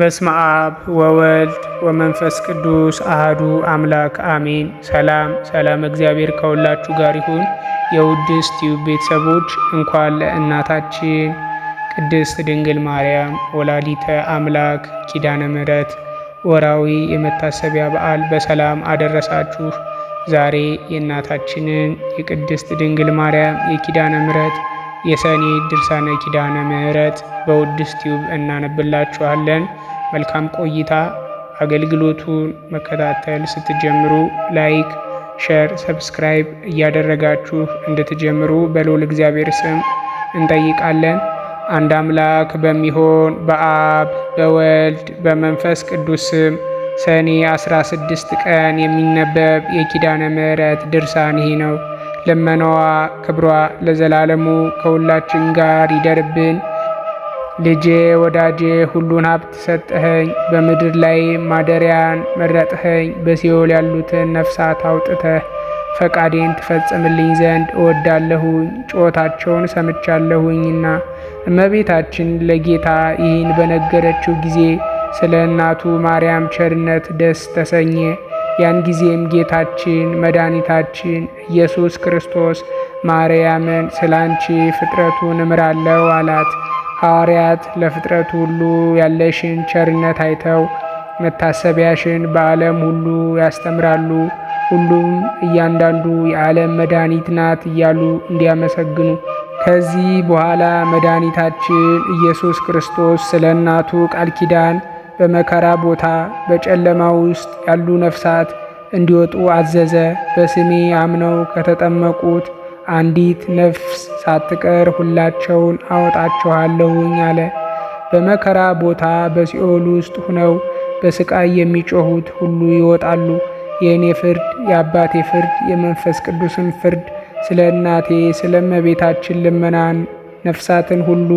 በስመ አብ ወወልድ ወመንፈስ ቅዱስ አህዱ አምላክ አሜን። ሰላም ሰላም፣ እግዚአብሔር ከሁላችሁ ጋር ይሁን። የውድስት ቲዩብ ቤተሰቦች እንኳን ለእናታችን ቅድስት ድንግል ማርያም ወላዲተ አምላክ ኪዳነ ምሕረት ወራዊ የመታሰቢያ በዓል በሰላም አደረሳችሁ። ዛሬ የእናታችንን የቅድስት ድንግል ማርያም የኪዳነ ምሕረት የሰኔ ድርሳነ ኪዳነ ምሕረት በውድስ ቲዩብ እናነብላችኋለን። መልካም ቆይታ። አገልግሎቱን መከታተል ስትጀምሩ ላይክ፣ ሸር፣ ሰብስክራይብ እያደረጋችሁ እንድትጀምሩ በልዑል እግዚአብሔር ስም እንጠይቃለን። አንድ አምላክ በሚሆን በአብ በወልድ በመንፈስ ቅዱስ ስም ሰኔ 16 ቀን የሚነበብ የኪዳነ ምሕረት ድርሳን ይሄ ነው። ለመናዋ ክብሯ ለዘላለሙ ከሁላችን ጋር ይደርብን። ልጄ ወዳጄ ሁሉን ሀብት ሰጠኸኝ፣ በምድር ላይ ማደሪያን መረጥኸኝ። በሲኦል ያሉትን ነፍሳት አውጥተህ ፈቃዴን ትፈጽምልኝ ዘንድ እወዳለሁኝ፣ ጩኸታቸውን ሰምቻለሁኝና። እመቤታችን ለጌታ ይህን በነገረችው ጊዜ ስለ እናቱ ማርያም ቸርነት ደስ ተሰኘ። ያን ጊዜም ጌታችን መድኃኒታችን ኢየሱስ ክርስቶስ ማርያምን ስለ አንቺ ፍጥረቱን እምራለሁ አላት። ሐዋርያት ለፍጥረት ሁሉ ያለሽን ቸርነት አይተው መታሰቢያሽን በዓለም ሁሉ ያስተምራሉ፣ ሁሉም እያንዳንዱ የዓለም መድኃኒት ናት እያሉ እንዲያመሰግኑ። ከዚህ በኋላ መድኃኒታችን ኢየሱስ ክርስቶስ ስለ እናቱ ቃል ኪዳን በመከራ ቦታ በጨለማ ውስጥ ያሉ ነፍሳት እንዲወጡ አዘዘ። በስሜ አምነው ከተጠመቁት አንዲት ነፍስ ሳትቀር ሁላቸውን አወጣችኋለሁኝ አለ። በመከራ ቦታ በሲኦል ውስጥ ሁነው በስቃይ የሚጮሁት ሁሉ ይወጣሉ። የእኔ ፍርድ፣ የአባቴ ፍርድ፣ የመንፈስ ቅዱስን ፍርድ ስለ እናቴ ስለ እመቤታችን ልመናን ነፍሳትን ሁሉ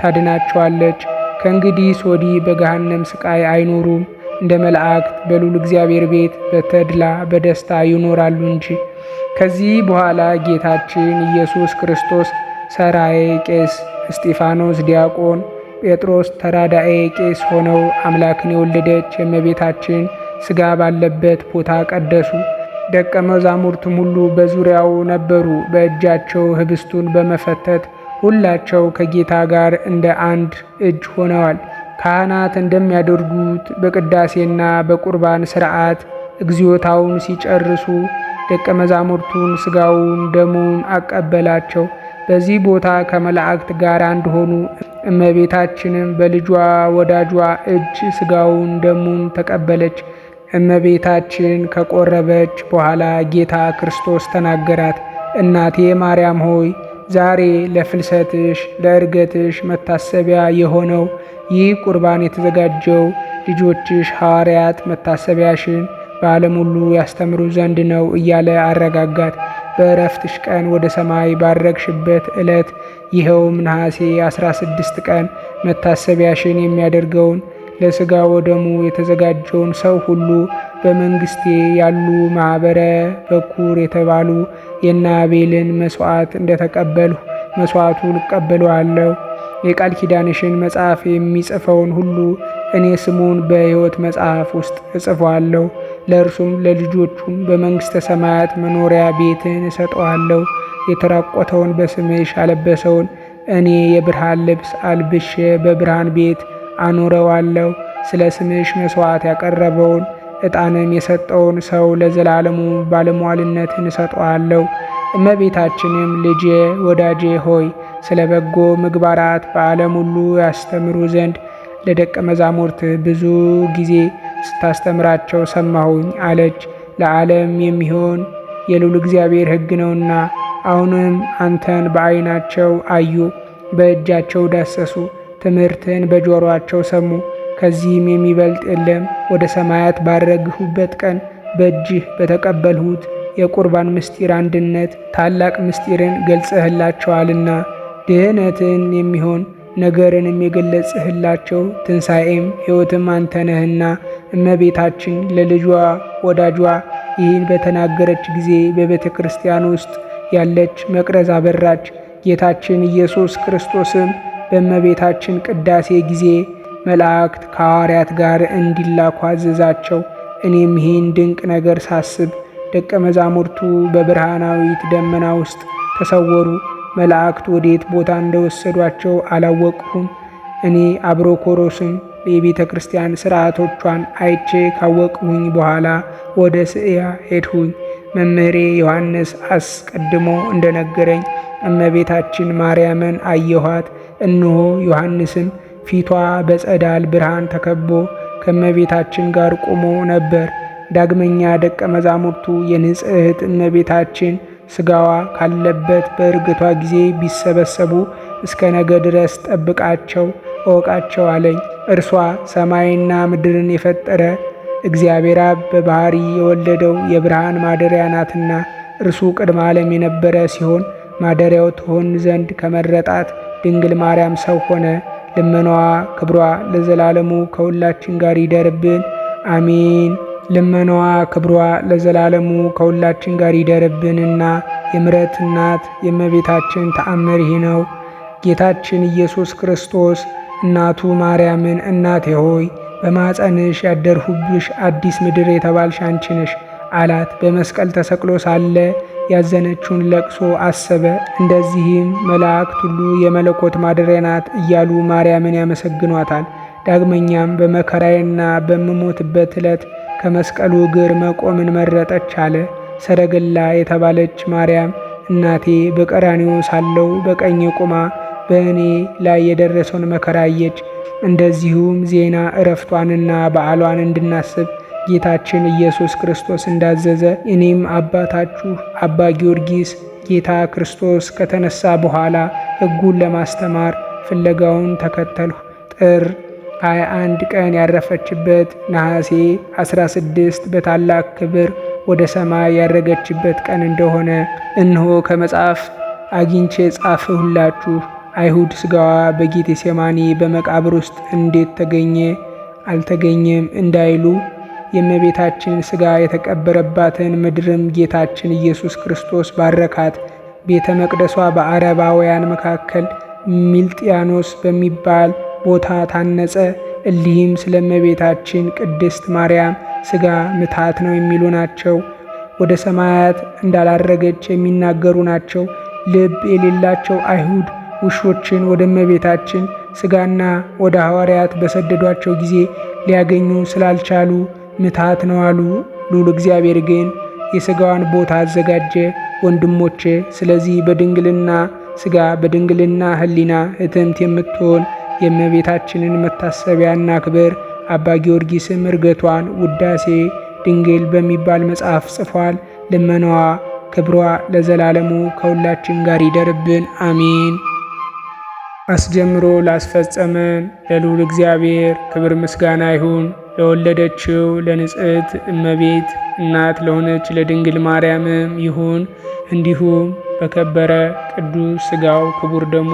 ታድናቸዋለች። ከእንግዲህ ሶዲ በገሃነም ስቃይ አይኖሩም፣ እንደ መላእክት በሉል እግዚአብሔር ቤት በተድላ በደስታ ይኖራሉ እንጂ። ከዚህ በኋላ ጌታችን ኢየሱስ ክርስቶስ ሰራዬ ቄስ፣ እስጢፋኖስ ዲያቆን፣ ጴጥሮስ ተራዳኤ ቄስ ሆነው አምላክን የወለደች የእመቤታችን ስጋ ባለበት ቦታ ቀደሱ። ደቀ መዛሙርቱም ሁሉ በዙሪያው ነበሩ። በእጃቸው ህብስቱን በመፈተት ሁላቸው ከጌታ ጋር እንደ አንድ እጅ ሆነዋል። ካህናት እንደሚያደርጉት በቅዳሴና በቁርባን ሥርዓት እግዚኦታውን ሲጨርሱ ደቀ መዛሙርቱን ሥጋውን ደሙን አቀበላቸው። በዚህ ቦታ ከመላእክት ጋር አንድ ሆኑ። እመቤታችንም በልጇ ወዳጇ እጅ ሥጋውን ደሙን ተቀበለች። እመቤታችን ከቆረበች በኋላ ጌታ ክርስቶስ ተናገራት። እናቴ ማርያም ሆይ ዛሬ ለፍልሰትሽ ለእርገትሽ መታሰቢያ የሆነው ይህ ቁርባን የተዘጋጀው ልጆችሽ ሐዋርያት መታሰቢያሽን በዓለም ሁሉ ያስተምሩ ዘንድ ነው እያለ አረጋጋት። በእረፍትሽ ቀን ወደ ሰማይ ባረግሽበት ዕለት ይኸውም ነሐሴ 16 ቀን መታሰቢያሽን የሚያደርገውን ለሥጋ ወደሙ የተዘጋጀውን ሰው ሁሉ በመንግስቴ ያሉ ማኅበረ በኩር የተባሉ የናቤልን መስዋዕት እንደተቀበልሁ መስዋዕቱ እቀበለዋለሁ። የቃል ኪዳንሽን መጽሐፍ የሚጽፈውን ሁሉ እኔ ስሙን በሕይወት መጽሐፍ ውስጥ እጽፈዋለሁ። ለእርሱም ለልጆቹም በመንግሥተ ሰማያት መኖሪያ ቤትን እሰጠዋለሁ። የተራቆተውን በስምሽ አለበሰውን እኔ የብርሃን ልብስ አልብሼ በብርሃን ቤት አኖረዋለሁ። ስለ ስምሽ መሥዋዕት ያቀረበውን ዕጣንን የሰጠውን ሰው ለዘላለሙ ባለሟልነትን እሰጠዋለሁ። እመቤታችንም ልጄ ወዳጄ ሆይ ስለ በጎ ምግባራት በዓለም ሁሉ ያስተምሩ ዘንድ ለደቀ መዛሙርት ብዙ ጊዜ ስታስተምራቸው ሰማሁኝ አለች። ለዓለም የሚሆን የልዑል እግዚአብሔር ሕግ ነውና አሁንም አንተን በዓይናቸው አዩ፣ በእጃቸው ዳሰሱ፣ ትምህርትን በጆሮአቸው ሰሙ ከዚህም የሚበልጥ የለም። ወደ ሰማያት ባረግሁበት ቀን በእጅህ በተቀበልሁት የቁርባን ምስጢር አንድነት ታላቅ ምስጢርን ገልጸህላቸዋልና ድህነትን የሚሆን ነገርንም የገለጽህላቸው ትንሣኤም ሕይወትም አንተ ነህና እመቤታችን ለልጇ ወዳጇ ይህን በተናገረች ጊዜ በቤተ ክርስቲያን ውስጥ ያለች መቅረዝ አበራች። ጌታችን ኢየሱስ ክርስቶስም በእመቤታችን ቅዳሴ ጊዜ መላእክት ከሐዋርያት ጋር እንዲላኩ አዘዛቸው። እኔም ይህን ድንቅ ነገር ሳስብ ደቀ መዛሙርቱ በብርሃናዊት ደመና ውስጥ ተሰወሩ። መላእክት ወዴት ቦታ እንደወሰዷቸው አላወቅሁም። እኔ አብሮኮሮስን የቤተ ክርስቲያን ሥርዓቶቿን አይቼ ካወቅሁኝ በኋላ ወደ ስእያ ሄድሁኝ። መምህሬ ዮሐንስ አስቀድሞ እንደነገረኝ እመቤታችን ማርያምን አየኋት። እነሆ ዮሐንስም ፊቷ በጸዳል ብርሃን ተከቦ ከእመቤታችን ጋር ቆሞ ነበር። ዳግመኛ ደቀ መዛሙርቱ የንጽሕት እመቤታችን ሥጋዋ ካለበት በእርግቷ ጊዜ ቢሰበሰቡ እስከ ነገ ድረስ ጠብቃቸው እወቃቸው አለኝ። እርሷ ሰማይና ምድርን የፈጠረ እግዚአብሔር አብ በባህሪ የወለደው የብርሃን ማደሪያ ናትና እርሱ ቅድመ ዓለም የነበረ ሲሆን ማደሪያው ትሆን ዘንድ ከመረጣት ድንግል ማርያም ሰው ሆነ። ልመናዋ ክብሯ ለዘላለሙ ከሁላችን ጋር ይደርብን፣ አሜን። ልመናዋ ክብሯ ለዘላለሙ ከሁላችን ጋር ይደርብንና የምሕረት እናት የእመቤታችን ተአምር ይህ ነው። ጌታችን ኢየሱስ ክርስቶስ እናቱ ማርያምን እናቴ ሆይ በማፀንሽ ያደርሁብሽ አዲስ ምድር የተባልሽ አንቺ ነሽ አላት። በመስቀል ተሰቅሎ ሳለ ያዘነችውን ለቅሶ አሰበ። እንደዚህም መላእክት ሁሉ የመለኮት ማደሪያ ናት እያሉ ማርያምን ያመሰግኗታል። ዳግመኛም በመከራዬና በምሞትበት ዕለት ከመስቀሉ እግር መቆምን መረጠች አለ። ሰረገላ የተባለች ማርያም እናቴ በቀራንዮ ሳለው በቀኝ ቁማ በእኔ ላይ የደረሰውን መከራ አየች። እንደዚሁም ዜና እረፍቷንና በዓሏን እንድናስብ ጌታችን ኢየሱስ ክርስቶስ እንዳዘዘ እኔም አባታችሁ አባ ጊዮርጊስ ጌታ ክርስቶስ ከተነሳ በኋላ ሕጉን ለማስተማር ፍለጋውን ተከተልሁ። ጥር 21 ቀን ያረፈችበት፣ ነሐሴ 16 በታላቅ ክብር ወደ ሰማይ ያረገችበት ቀን እንደሆነ እንሆ ከመጽሐፍ አግኝቼ ጻፍሁላችሁ። አይሁድ ሥጋዋ በጌቴ ሴማኒ በመቃብር ውስጥ እንዴት ተገኘ አልተገኘም እንዳይሉ የእመቤታችን ሥጋ የተቀበረባትን ምድርም ጌታችን ኢየሱስ ክርስቶስ ባረካት። ቤተ መቅደሷ በአረባውያን መካከል ሚልጥያኖስ በሚባል ቦታ ታነጸ። እሊህም ስለ እመቤታችን ቅድስት ማርያም ሥጋ ምታት ነው የሚሉ ናቸው። ወደ ሰማያት እንዳላረገች የሚናገሩ ናቸው። ልብ የሌላቸው አይሁድ ውሾችን ወደ እመቤታችን ሥጋና ወደ ሐዋርያት በሰደዷቸው ጊዜ ሊያገኙ ስላልቻሉ ምታት ነው አሉ። ሉል እግዚአብሔር ግን የሥጋዋን ቦታ አዘጋጀ። ወንድሞቼ ስለዚህ በድንግልና ሥጋ በድንግልና ሕሊና እትምት የምትሆን የእመቤታችንን መታሰቢያና ክብር አባ ጊዮርጊስም እርገቷን ውዳሴ ድንግል በሚባል መጽሐፍ ጽፏል። ልመናዋ ክብሯ ለዘላለሙ ከሁላችን ጋር ይደርብን፣ አሜን። አስጀምሮ ላስፈጸመን ለልዑል እግዚአብሔር ክብር ምስጋና ይሁን። ለወለደችው ለንጽሕት እመቤት እናት ለሆነች ለድንግል ማርያምም ይሁን። እንዲሁም በከበረ ቅዱስ ሥጋው ክቡር ደሙ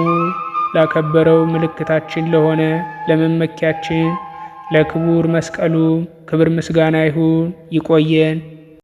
ላከበረው ምልክታችን ለሆነ ለመመኪያችን ለክቡር መስቀሉ ክብር ምስጋና ይሁን። ይቆየን።